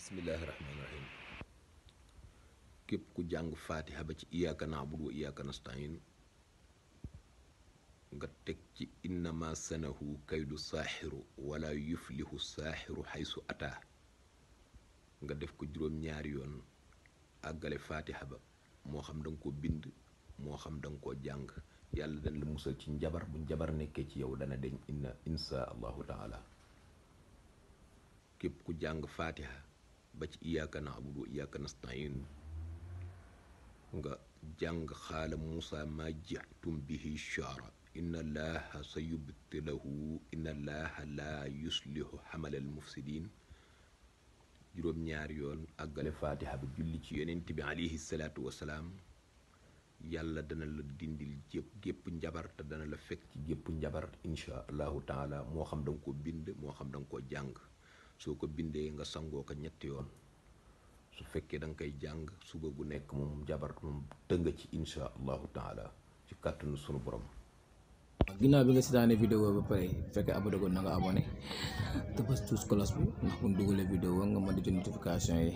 bismillahi rahmaani rahim képp ku jàng faatiha ba ci iyaaka naabud wa iyaaka nastain nga teg ci innama sanahu kaydu saaxiru wala yuflihu saaxiru xaysu ataa nga def ko juróom-ñaari yoon àggale faatiha ba moo xam da nga bind moo xam da nga koo jàng yàlla dañ la musal ci njabar bu njabar nekkee ci yow dana deñ inna insha allahu taala jàng faatiha ba ci iyyaka na'budu wa iyyaka nasta'in nga jàng xaala Moussa ma jaxtum bihi shaara inna allaha sayubtilahu inna allaha laa yuslihu xamalal mufsidin juróom ñaari yoon àggale faatiha bi julli ci yonent bi alayhi salaatu wasalaam yàlla dana la dindil jépp gépp njabar te dana la fekk ci gépp njabar insha allahu taala moo xam danga ko bind moo xam danga ko jàng soo ko bindee nga sangoo ko ñetti yoon su fekkee da nga koy jàng suba gu nekk moom jabar moom tëng ci insha allahu taala ci kàttanu sunu borom. ginnaaw bi nga seetaane vidéo ba pare fekkee abonné ko na nga abonné te bës tuus cloche bi ndax bu ñu dugalee vidéo nga mën di jot notification yi.